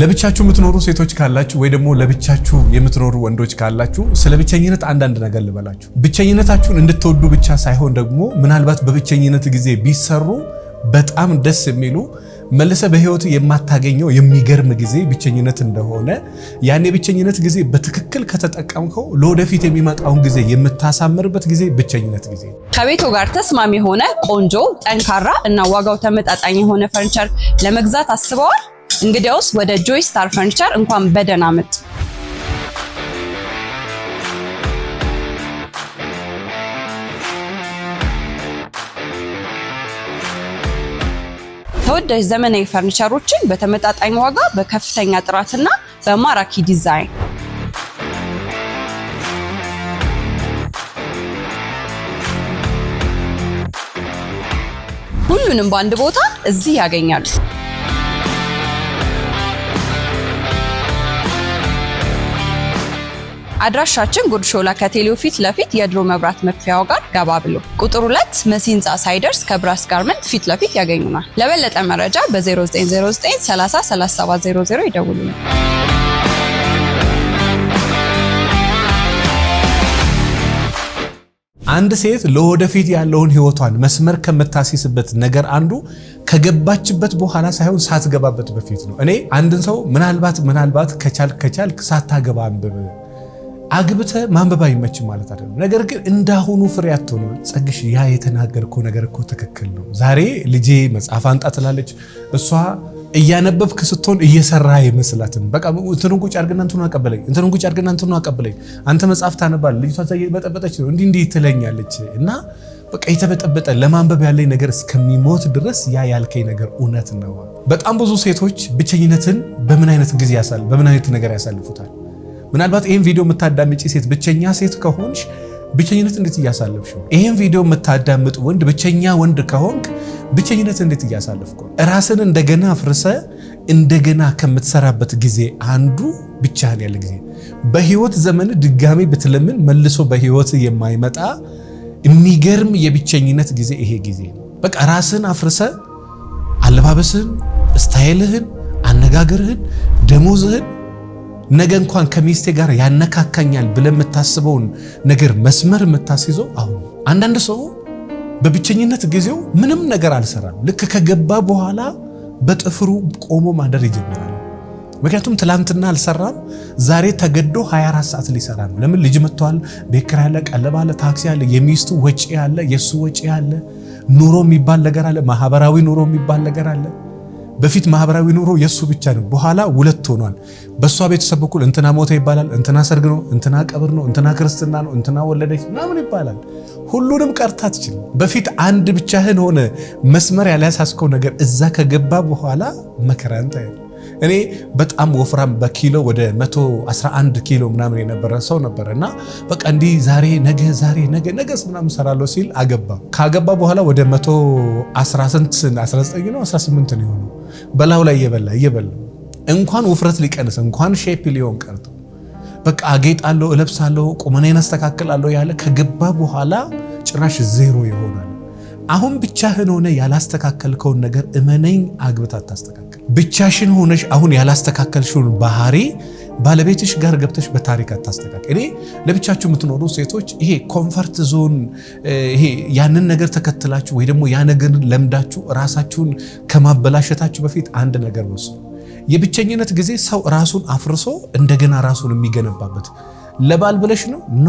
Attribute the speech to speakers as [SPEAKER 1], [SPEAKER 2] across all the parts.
[SPEAKER 1] ለብቻችሁ የምትኖሩ ሴቶች ካላችሁ ወይ ደግሞ ለብቻችሁ የምትኖሩ ወንዶች ካላችሁ ስለ ብቸኝነት አንዳንድ ነገር ልበላችሁ። ብቸኝነታችሁን እንድትወዱ ብቻ ሳይሆን ደግሞ ምናልባት በብቸኝነት ጊዜ ቢሰሩ በጣም ደስ የሚሉ መልሰ በህይወት የማታገኘው የሚገርም ጊዜ ብቸኝነት እንደሆነ ያን የብቸኝነት ጊዜ በትክክል ከተጠቀምከው ለወደፊት የሚመጣውን ጊዜ የምታሳምርበት ጊዜ ብቸኝነት ጊዜ።
[SPEAKER 2] ከቤቱ ጋር ተስማሚ የሆነ ቆንጆ፣ ጠንካራ እና ዋጋው ተመጣጣኝ የሆነ ፈርኒቸር ለመግዛት አስበዋል? እንግዲያውስ ወደ ጆይ ስታር ፈርኒቸር እንኳን በደህና መጡ። ተወዳጅ ዘመናዊ ፈርኒቸሮችን በተመጣጣኝ ዋጋ በከፍተኛ ጥራትና በማራኪ ዲዛይን ሁሉንም በአንድ ቦታ እዚህ ያገኛሉ። አድራሻችን ጉድሾላ ከቴሌው ፊት ለፊት የድሮ መብራት መክፈያው ጋር ገባ ብሎ ቁጥር ሁለት መሲ ህንፃ ሳይደርስ ከብራስ ጋርመንት ፊት ለፊት ያገኙናል። ለበለጠ መረጃ በ0909 30 ይደውሉናል።
[SPEAKER 1] አንድ ሴት ለወደፊት ያለውን ህይወቷን መስመር ከምታሲስበት ነገር አንዱ ከገባችበት በኋላ ሳይሆን ሳትገባበት በፊት ነው። እኔ አንድን ሰው ምናልባት ምናልባት ከቻል ከቻል ሳታገባ አንብብ አግብተ ማንበብ አይመችም ማለት አይደለም። ነገር ግን እንዳሁኑ ፍሬ አትሆኑ። ጸግሽ ያ የተናገርከው ነገር እኮ ትክክል ነው። ዛሬ ልጄ መጽሐፍ አንጣ ትላለች እሷ እያነበብክ ስትሆን እየሰራ አይመስላትም። በቃ እንትኑን ቁጭ አድርግና እንትኑ አቀበለኝ፣ እንትኑን ቁጭ አድርግና እንትኑ አቀበለኝ፣ አንተ መጽሐፍ ታነባል፣ ልጅቷ እየበጠበጠች ነው እንዲህ እንዲህ ትለኛለች እና በቃ የተበጠበጠ ለማንበብ ያለኝ ነገር እስከሚሞት ድረስ ያ ያልከኝ ነገር እውነት ነው። በጣም ብዙ ሴቶች ብቸኝነትን በምን አይነት ጊዜ ያሳል በምን አይነት ነገር ያሳልፉታል? ምናልባት ይህን ቪዲዮ የምታዳምጪ ሴት ብቸኛ ሴት ከሆንሽ ብቸኝነት እንዴት እያሳለፍሽ ነው? ይህን ቪዲዮ የምታዳምጥ ወንድ ብቸኛ ወንድ ከሆንክ ብቸኝነት እንዴት እያሳለፍኩ ነው? ራስን እንደገና አፍርሰ እንደገና ከምትሰራበት ጊዜ አንዱ ብቻህን ያለ ጊዜ። በህይወት ዘመን ድጋሚ ብትለምን መልሶ በህይወት የማይመጣ የሚገርም የብቸኝነት ጊዜ ይሄ ጊዜ ነው። በቃ ራስን አፍርሰ አለባበስህን፣ ስታይልህን፣ አነጋገርህን፣ ደሞዝህን ነገ እንኳን ከሚስቴ ጋር ያነካካኛል ብለ የምታስበውን ነገር መስመር የምታስይዘው አሁን። አንዳንድ ሰው በብቸኝነት ጊዜው ምንም ነገር አልሰራም፣ ልክ ከገባ በኋላ በጥፍሩ ቆሞ ማደር ይጀምራል። ምክንያቱም ትላንትና አልሰራም፣ ዛሬ ተገዶ 24 ሰዓት ሊሰራ ነው። ለምን ልጅ መጥተዋል፣ ቤት ኪራይ አለ፣ ቀለብ አለ፣ ታክሲ አለ፣ የሚስቱ ወጪ አለ፣ የእሱ ወጪ አለ፣ ኑሮ የሚባል ነገር አለ፣ ማህበራዊ ኑሮ የሚባል ነገር አለ። በፊት ማህበራዊ ኑሮ የእሱ ብቻ ነው። በኋላ ሁለት ሆኗል። በእሷ ቤተሰብ በኩል እንትና ሞተ ይባላል፣ እንትና ሰርግ ነው፣ እንትና ቀብር ነው፣ እንትና ክርስትና ነው፣ እንትና ወለደች ምናምን ይባላል። ሁሉንም ቀርታ ትችል። በፊት አንድ ብቻህን ሆነ መስመር ያላያሳስከው ነገር እዛ ከገባ በኋላ መከራን ታያል። እኔ በጣም ወፍራም በኪሎ ወደ 111 ኪሎ ምናምን የነበረ ሰው ነበረ እና በቃ እንዲህ ዛሬ ነገ ዛሬ ነገ ነገስ ምናምን ሰራለሁ ሲል አገባ። ካገባ በኋላ ወደ 119 ነው 18 ነው የሆነው በላው ላይ እየበላ እየበላ እንኳን ውፍረት ሊቀንስ እንኳን ሼፕ ሊሆን ቀርቶ በቃ አጌጣለሁ፣ እለብሳለሁ፣ ቁመናዬን አስተካክላለሁ ያለ ከገባ በኋላ ጭራሽ ዜሮ ይሆናል። አሁን ብቻህን ሆነ ያላስተካከልከውን ነገር እመነኝ፣ አግብታ አታስተካከል። ብቻሽን ሆነሽ አሁን ያላስተካከልሽውን ባህሪ ባለቤትሽ ጋር ገብተሽ በታሪክ አታስተካከል። እኔ ለብቻችሁ የምትኖሩ ሴቶች ይሄ ኮንፈርት ዞን ይሄ ያንን ነገር ተከትላችሁ ወይ ደግሞ ያ ነገር ለምዳችሁ ራሳችሁን ከማበላሸታችሁ በፊት አንድ ነገር ወስኑ። የብቸኝነት ጊዜ ሰው ራሱን አፍርሶ እንደገና ራሱን የሚገነባበት ለባል ብለሽ ነው ኖ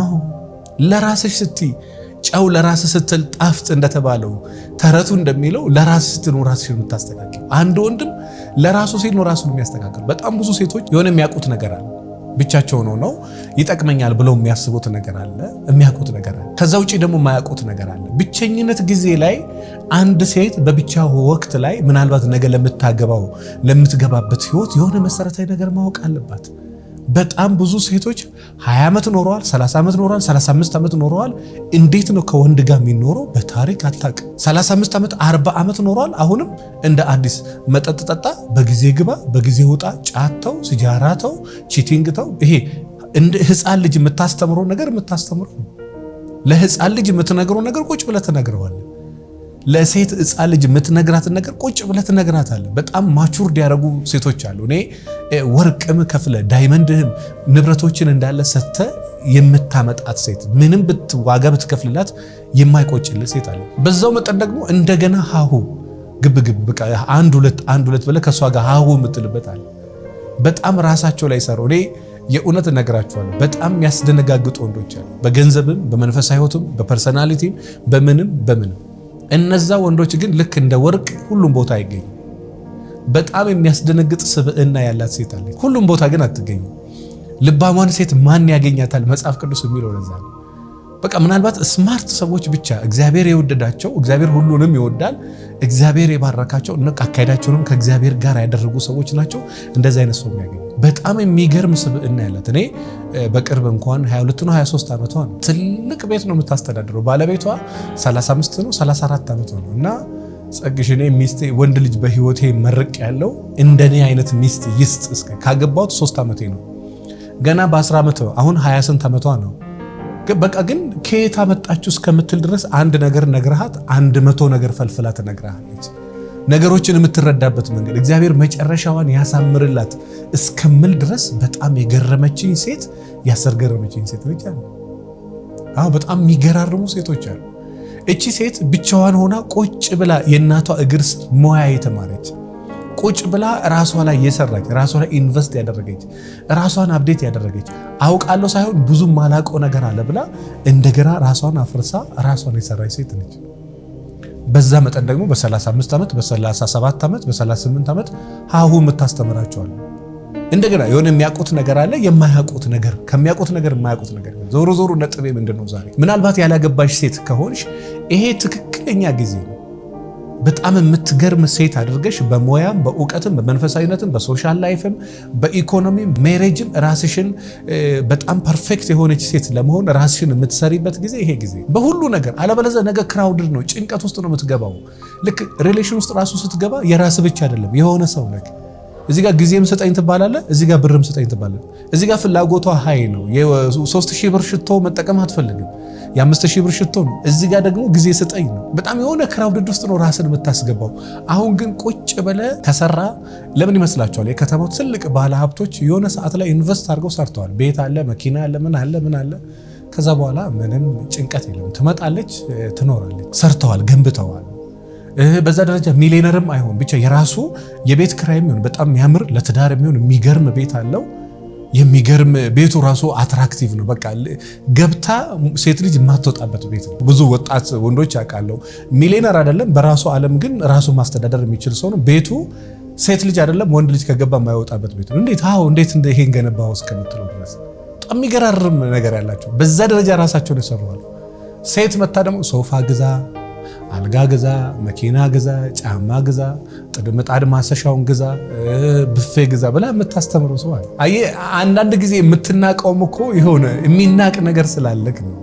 [SPEAKER 1] ለራስሽ ስትይ ጨው ለራስ ስትል ጣፍጥ እንደተባለው ተረቱ እንደሚለው ለራስ ስትል ነው ራሱ የምታስተካክል። አንድ ወንድም ለራሱ ሲል ነው ራሱ የሚያስተካክል። በጣም ብዙ ሴቶች የሆነ የሚያውቁት ነገር አለ ብቻቸው ነው ነው ይጠቅመኛል ብለው የሚያስቡት ነገር አለ፣ የሚያውቁት ነገር አለ። ከዛ ውጭ ደግሞ የማያውቁት ነገር አለ። ብቸኝነት ጊዜ ላይ አንድ ሴት በብቻ ወቅት ላይ ምናልባት ነገ ለምታገባው ለምትገባበት ህይወት የሆነ መሰረታዊ ነገር ማወቅ አለባት። በጣም ብዙ ሴቶች 20 ዓመት ኖረዋል፣ 30 ዓመት ኖረዋል፣ 35 ዓመት ኖረዋል። እንዴት ነው ከወንድ ጋር የሚኖረው? በታሪክ አታውቅም። 35 ዓመት 40 ዓመት ኖረዋል። አሁንም እንደ አዲስ መጠጥ ጠጣ፣ በጊዜ ግባ፣ በጊዜ ውጣ፣ ጫተው፣ ሲጃራተው፣ ቺቲንግተው። ይሄ እንደ ህፃን ልጅ የምታስተምረው ነገር የምታስተምረው ለህፃን ልጅ የምትነግረው ነገር ቁጭ ብለህ ትነግረዋለህ። ለሴት ህፃ ልጅ የምትነግራትን ነገር ቁጭ ብለህ ትነግራታለህ። በጣም ማቹርድ ያደረጉ ሴቶች አሉ። እኔ ወርቅም ከፍለ ዳይመንድህም ንብረቶችን እንዳለ ሰተ የምታመጣት ሴት ምንም ዋጋ ብትከፍልላት የማይቆጭልህ ሴት አለ። በዛው መጠን ደግሞ እንደገና ሀሁ ግብግብ አንድ ሁለት አንድ ሁለት ብለህ ከእሷ ጋር ሀሁ የምትልበት አለ። በጣም ራሳቸው ላይ ሰሩ። እኔ የእውነት እነግራቸዋለሁ። በጣም ያስደነጋግጡ ወንዶች አሉ። በገንዘብም፣ በመንፈሳዊ ህይወትም፣ በፐርሰናሊቲም፣ በምንም በምንም እነዛ ወንዶች ግን ልክ እንደ ወርቅ ሁሉም ቦታ አይገኙ። በጣም የሚያስደነግጥ ስብዕና ያላት ሴት አለ፣ ሁሉም ቦታ ግን አትገኙ። ልባሟን ሴት ማን ያገኛታል? መጽሐፍ ቅዱስ የሚለው ለዛ ነው። በቃ ምናልባት ስማርት ሰዎች ብቻ እግዚአብሔር የወደዳቸው እግዚአብሔር ሁሉንም ይወዳል እግዚአብሔር የባረካቸው እና አካሄዳቸውንም ከእግዚአብሔር ጋር ያደረጉ ሰዎች ናቸው። እንደዚህ አይነት ሰው የሚያገኙ በጣም የሚገርም ስብዕና ያላት። እኔ በቅርብ እንኳን 22 ነው 23 ዓመቷ ነው። ትልቅ ቤት ነው የምታስተዳድረው። ባለቤቷ 35 ነው 34 ዓመቷ ነው እና ጸግሽ እኔ ሚስት ወንድ ልጅ በህይወቴ መርቅ ያለው እንደኔ አይነት ሚስት ይስጥ። እስከ ካገባሁት ሶስት ዓመቴ ነው ገና በ10 ዓመት አሁን 28 ዓመቷ ነው በቃ ግን ከየት አመጣችሁ እስከምትል ድረስ አንድ ነገር ነግረሃት አንድ መቶ ነገር ፈልፍላ ትነግርሃለች። ነገሮችን የምትረዳበት መንገድ እግዚአብሔር መጨረሻዋን ያሳምርላት እስከምል ድረስ በጣም የገረመችኝ ሴት ያሰርገረመችኝ ሴት ነች አለ። አዎ በጣም የሚገራርሙ ሴቶች አሉ። እቺ ሴት ብቻዋን ሆና ቁጭ ብላ የእናቷ እግር መዋያ የተማረች ቁጭ ብላ ራሷ ላይ የሰራች ራሷ ላይ ኢንቨስት ያደረገች ራሷን አብዴት ያደረገች አውቃለሁ ሳይሆን ብዙ ማላውቀው ነገር አለ ብላ እንደገና ራሷን አፍርሳ ራሷን የሰራች ሴት ነች። በዛ መጠን ደግሞ በ35 ዓመት በ37 ዓመት በ38 ዓመት ሀሁ የምታስተምራቸዋል። እንደገና የሆነ የሚያውቁት ነገር አለ፣ የማያውቁት ነገር ከሚያውቁት ነገር የማያውቁት ነገር። ዞሮ ዞሮ ነጥቤ ምንድን ነው? ዛሬ ምናልባት ያላገባሽ ሴት ከሆንሽ ይሄ ትክክለኛ ጊዜ ነው በጣም የምትገርም ሴት አድርገሽ በሙያም በእውቀትም በመንፈሳዊነትም በሶሻል ላይፍም በኢኮኖሚም ሜሬጅም ራስሽን በጣም ፐርፌክት የሆነች ሴት ለመሆን ራስሽን የምትሰሪበት ጊዜ ይሄ ጊዜ በሁሉ ነገር። አለበለዚያ ነገ ክራውድድ ነው፣ ጭንቀት ውስጥ ነው የምትገባው። ልክ ሪሌሽን ውስጥ ራሱ ስትገባ የራስ ብቻ አይደለም የሆነ ሰው ነክ እዚህ ጋር ጊዜም ስጠኝ ትባላለ፣ እዚህ ጋር ብርም ስጠኝ ትባላለ። እዚህ ጋር ፍላጎቷ ሀይ ነው። ሶስት ሺህ ብር ሽቶ መጠቀም አትፈልግም፣ የአምስት ሺህ ብር ሽቶ ነው። እዚህ ጋር ደግሞ ጊዜ ስጠኝ ነው። በጣም የሆነ ክራውድድ ውስጥ ነው ራስን የምታስገባው። አሁን ግን ቁጭ ብለ ከሰራ ለምን ይመስላቸዋል? የከተማው ትልቅ ባለ ሀብቶች የሆነ ሰዓት ላይ ኢንቨስት አድርገው ሰርተዋል። ቤት አለ፣ መኪና አለ፣ ምን አለ ምን አለ ከዛ በኋላ ምንም ጭንቀት የለም። ትመጣለች፣ ትኖራለች። ሰርተዋል፣ ገንብተዋል። በዛ ደረጃ ሚሊነርም አይሆን ብቻ የራሱ የቤት ክራይ የሚሆን በጣም የሚያምር ለትዳር የሚሆን የሚገርም ቤት አለው። የሚገርም ቤቱ ራሱ አትራክቲቭ ነው። በቃ ገብታ ሴት ልጅ የማትወጣበት ቤት ነው። ብዙ ወጣት ወንዶች ያውቃለሁ። ሚሊነር አይደለም፣ በራሱ ዓለም ግን ራሱ ማስተዳደር የሚችል ሰው ነው። ቤቱ ሴት ልጅ አይደለም ወንድ ልጅ ከገባ የማይወጣበት ቤት ነው። እንዴት አዎ፣ እንዴት እንደ ይሄን ገነባው እስከምትለው ድረስ በጣም የሚገራርም ነገር ያላቸው በዛ ደረጃ ራሳቸውን የሰሩዋል። ሴት መታ ደግሞ ሶፋ ግዛ አልጋ ግዛ፣ መኪና ግዛ፣ ጫማ ግዛ፣ ምጣድ ማሰሻውን ግዛ፣ ብፌ ግዛ ብላ የምታስተምረው ሰው አለ። አየህ አንዳንድ ጊዜ የምትናቀውም እኮ የሆነ የሚናቅ ነገር ስላለክ ነው።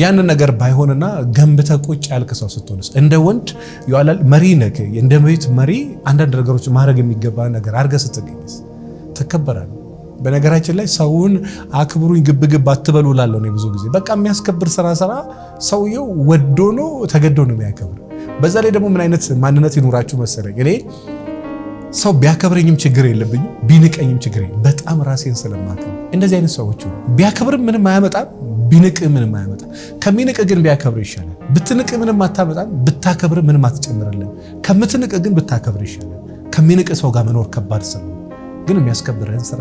[SPEAKER 1] ያን ነገር ባይሆንና ገንብተ ቁጭ ያልክ ሰው ስትሆንስ እንደ ወንድ ይዋላል መሪ ነህ። እንደ ቤት መሪ አንዳንድ ነገሮች ማድረግ የሚገባ ነገር አድርገህ ስትገኝስ ትከበራለህ። በነገራችን ላይ ሰውን አክብሩኝ ግብግብ አትበሉ ላለው ብዙ ጊዜ በቃ የሚያስከብር ስራ ስራ ሰውየው ወዶ ነው ተገዶ ነው የሚያከብር። በዛ ላይ ደግሞ ምን አይነት ማንነት ይኖራችሁ መሰለኝ እኔ ሰው ቢያከብረኝም ችግር የለብኝም፣ ቢንቀኝም ችግር የለም። በጣም ራሴን ስለማከብር እንደዚህ አይነት ሰዎች ቢያከብርም ምንም አያመጣም፣ ቢንቅ ምንም አያመጣም። ከሚንቅ ግን ቢያከብር ይሻላል። ብትንቅ ምንም አታመጣም፣ ብታከብር ምንም አትጨምርልን። ከምትንቅ ግን ብታከብር ይሻላል። ከሚንቅ ሰው ጋር መኖር ከባድ ስለ ግን የሚያስከብረህን ስራ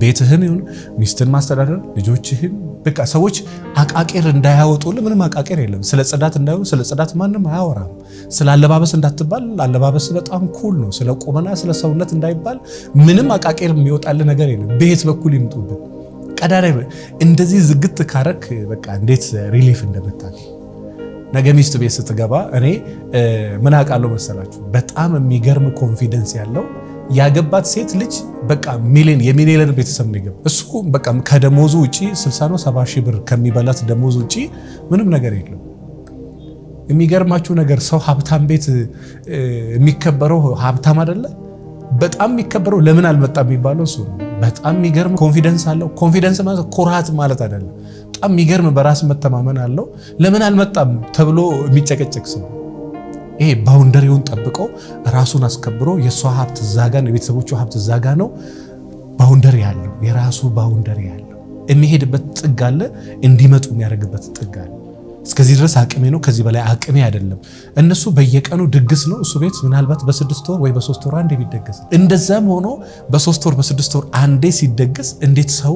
[SPEAKER 1] ቤትህን ይሁን ሚስትን ማስተዳደር ልጆችህን በቃ ሰዎች አቃቄር እንዳያወጡልህ። ምንም አቃቄር የለም። ስለ ጽዳት እንዳይሆን ስለ ጽዳት ማንም አያወራም። ስለ አለባበስ እንዳትባል አለባበስ በጣም ኩል ነው። ስለ ቁመና፣ ስለ ሰውነት እንዳይባል ምንም አቃቄር የሚወጣልህ ነገር የለም። በየት በኩል ይምጡብን። ቀዳዳ እንደዚህ ዝግት ካረክ በቃ እንዴት ሪሊፍ እንደመታል ነገ ሚስት ቤት ስትገባ እኔ ምን አውቃለሁ መሰላችሁ በጣም የሚገርም ኮንፊደንስ ያለው ያገባት ሴት ልጅ በቃ ሚሊዮን የሚሊዮን ቤተሰብ ነው እሱ በቃ ከደሞዙ ውጪ 60 ነው 70 ሺህ ብር ከሚበላት ደሞዝ ውጪ ምንም ነገር የለው። የሚገርማችሁ ነገር ሰው ሀብታም ቤት የሚከበረው ሀብታም አይደለ፣ በጣም የሚከበረው ለምን አልመጣ የሚባለው እሱ ነው። በጣም የሚገርም ኮንፊደንስ አለው። ኮንፊደንስ ማለት ኩራት ማለት አይደለም። በጣም የሚገርም በራስ መተማመን አለው። ለምን አልመጣም ተብሎ የሚጨቀጨቅ ሰው ይሄ ባውንደሪውን ጠብቆ ራሱን አስከብሮ የእሷ ሀብት ዛጋ ነው፣ የቤተሰቦቹ ሀብት ዛጋ ነው። ባውንደሪ ያለው የራሱ ባውንደሪ ያለው የሚሄድበት ጥግ አለ፣ እንዲመጡ የሚያደርግበት ጥግ አለ። እስከዚህ ድረስ አቅሜ ነው፣ ከዚህ በላይ አቅሜ አይደለም። እነሱ በየቀኑ ድግስ ነው። እሱ ቤት ምናልባት በስድስት ወር ወይ በሶስት ወር አንዴ ቢደገስ፣ እንደዛም ሆኖ በሶስት ወር በስድስት ወር አንዴ ሲደገስ እንዴት ሰው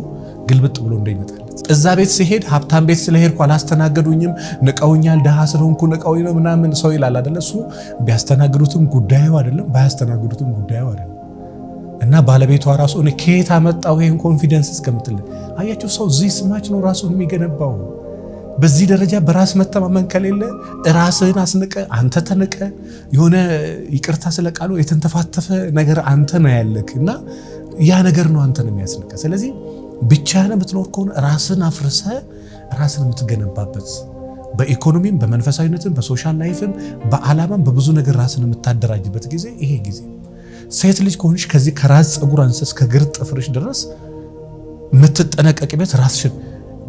[SPEAKER 1] ግልብጥ ብሎ እንደይመጣል። እዛ ቤት ሲሄድ ሀብታም ቤት ስለሄድኩ አላስተናገዱኝም፣ ንቀውኛል፣ ድሃ ስለሆንኩ ንቀውኝ ነው ምናምን ሰው ይላል አደለ? እሱ ቢያስተናግዱትም ጉዳዩ አይደለም፣ ባያስተናግዱትም ጉዳዩ አይደለም። እና ባለቤቷ ራሱ እኔ ከየት አመጣው ይህን ኮንፊደንስ እስከምትል አያቸው። ሰው እዚህ ስማች ነው ራሱን የሚገነባው። በዚህ ደረጃ በራስ መተማመን ከሌለ ራስህን አስንቀ አንተ ተንቀ የሆነ ይቅርታ ስለ ቃሉ የተንተፋተፈ ነገር አንተ ነው ያለክ እና ያ ነገር ነው አንተ ነው የሚያስንቀ። ስለዚህ ብቻህን የምትኖር ከሆነ ራስን አፍርሰ ራስን የምትገነባበት በኢኮኖሚም በመንፈሳዊነትም በሶሻል ላይፍም በዓላማም በብዙ ነገር ራስን የምታደራጅበት ጊዜ ይሄ ጊዜ። ሴት ልጅ ከሆንሽ ከዚህ ከራስ ፀጉር አንስስ ከግር ጥፍርሽ ድረስ የምትጠነቀቂበት ራስሽን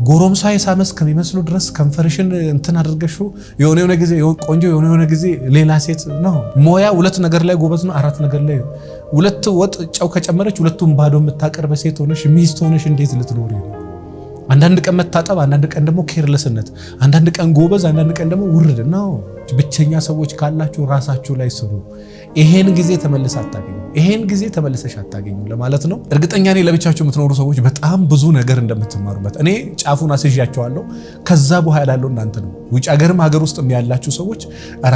[SPEAKER 1] ጎረምሳ የሳመ እስከሚመስሉ ድረስ ከንፈርሽን እንትን አድርገሽው የሆነ የሆነ ጊዜ ቆንጆ የሆነ የሆነ ጊዜ ሌላ ሴት ነው። ሞያ ሁለት ነገር ላይ ጎበዝ ነው፣ አራት ነገር ላይ ሁለት ወጥ ጨው ከጨመረች ሁለቱም ባዶ የምታቀርበ ሴት ሆነሽ ሚስት ሆነሽ እንዴት ልትኖር ነው? አንዳንድ ቀን መታጠብ፣ አንዳንድ ቀን ደግሞ ኬርለስነት፣ አንዳንድ ቀን ጎበዝ፣ አንዳንድ ቀን ደግሞ ውርድ ነው። ብቸኛ ሰዎች ካላችሁ ራሳችሁ ላይ ስሩ። ይሄን ጊዜ ተመልሰ አታገኙ፣ ይሄን ጊዜ ተመልሰሽ አታገኙ ለማለት ነው። እርግጠኛ እኔ ለብቻችሁ የምትኖሩ ሰዎች በጣም ብዙ ነገር እንደምትማሩበት እኔ ጫፉን አስዣቸዋለሁ። ከዛ በኋላ ያለው እናንተ ነው። ውጭ ሀገርም ሀገር ውስጥ ያላችሁ ሰዎች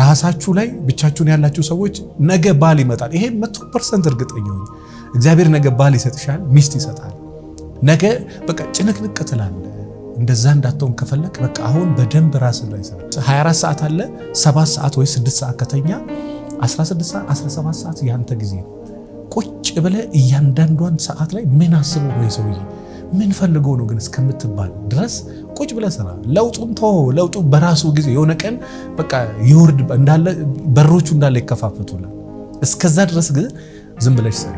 [SPEAKER 1] ራሳችሁ ላይ ብቻችሁን ያላችሁ ሰዎች ነገ ባል ይመጣል። ይሄ መቶ ፐርሰንት እርግጠኛ እግዚአብሔር ነገ ባል ይሰጥሻል፣ ሚስት ይሰጣል። ነገ በቃ ጭንቅንቅ ትላለ። እንደዛ እንዳትሆን ከፈለክ በቃ አሁን በደንብ ራስ ላይ ስራ። 24 ሰዓት አለ 7 ሰዓት ወይ 6 ሰዓት ከተኛ 16 ሰዓት 17 ሰዓት ያንተ ጊዜ ነው። ቁጭ ብለህ እያንዳንዷን ሰዓት ላይ ምን አስቦ ነው የሰውዬ ምን ፈልገው ነው ግን እስከምትባል ድረስ ቁጭ ብለህ ስራ። ለውጡን ቶ ለውጡ በራሱ ጊዜ የሆነ ቀን በቃ ይወርድ እንዳለ በሮቹ እንዳለ ይከፋፈቱላል። እስከዛ ድረስ ግን ዝም ብለሽ ስሪ።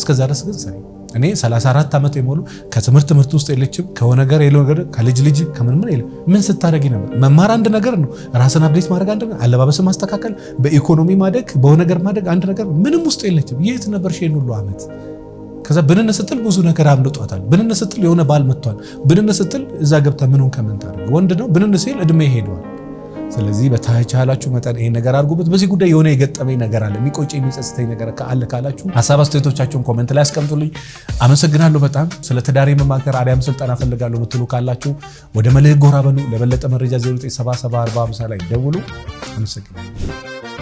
[SPEAKER 1] እስከዛ ድረስ ግን ስሪ። እኔ 34 ዓመት የሞሉ ከትምህርት ትምህርት ውስጥ የለችም ከሆነ ነገር የለ ነገር ከልጅ ልጅ ከምንምን የለ ምን ስታደረግ ነበር? መማር አንድ ነገር ነው። ራስን አብዴት ማድረግ አንድ ነገር፣ አለባበስ ማስተካከል፣ በኢኮኖሚ ማደግ፣ በሆነ ነገር ማደግ አንድ ነገር ምንም ውስጥ የለችም። የት ነበር ሼን ሁሉ ዓመት ከዛ ብንን ስትል ብዙ ነገር አምልጧታል። ብንን ስትል የሆነ ባል መጥቷል። ብንን ስትል እዛ ገብታ ምንን ከምን ታደርግ ወንድ ነው ብንን ሲል እድሜ ሄደዋል። ስለዚህ በተቻላችሁ መጠን ይሄን ነገር አድርጉበት። በዚህ ጉዳይ የሆነ የገጠመኝ ነገር አለ፣ የሚቆጭ የሚጸጽተኝ ነገር አለ ካላችሁ ሀሳብ አስተያየቶቻችሁን ኮመንት ላይ አስቀምጡልኝ። አመሰግናለሁ በጣም ስለ ትዳር መማከር አሊያም ስልጠና ፈልጋለሁ የምትሉ ካላችሁ ወደ መልህ ጎራ በሉ። ለበለጠ መረጃ 0974 ላይ ደውሉ። አመሰግናለሁ።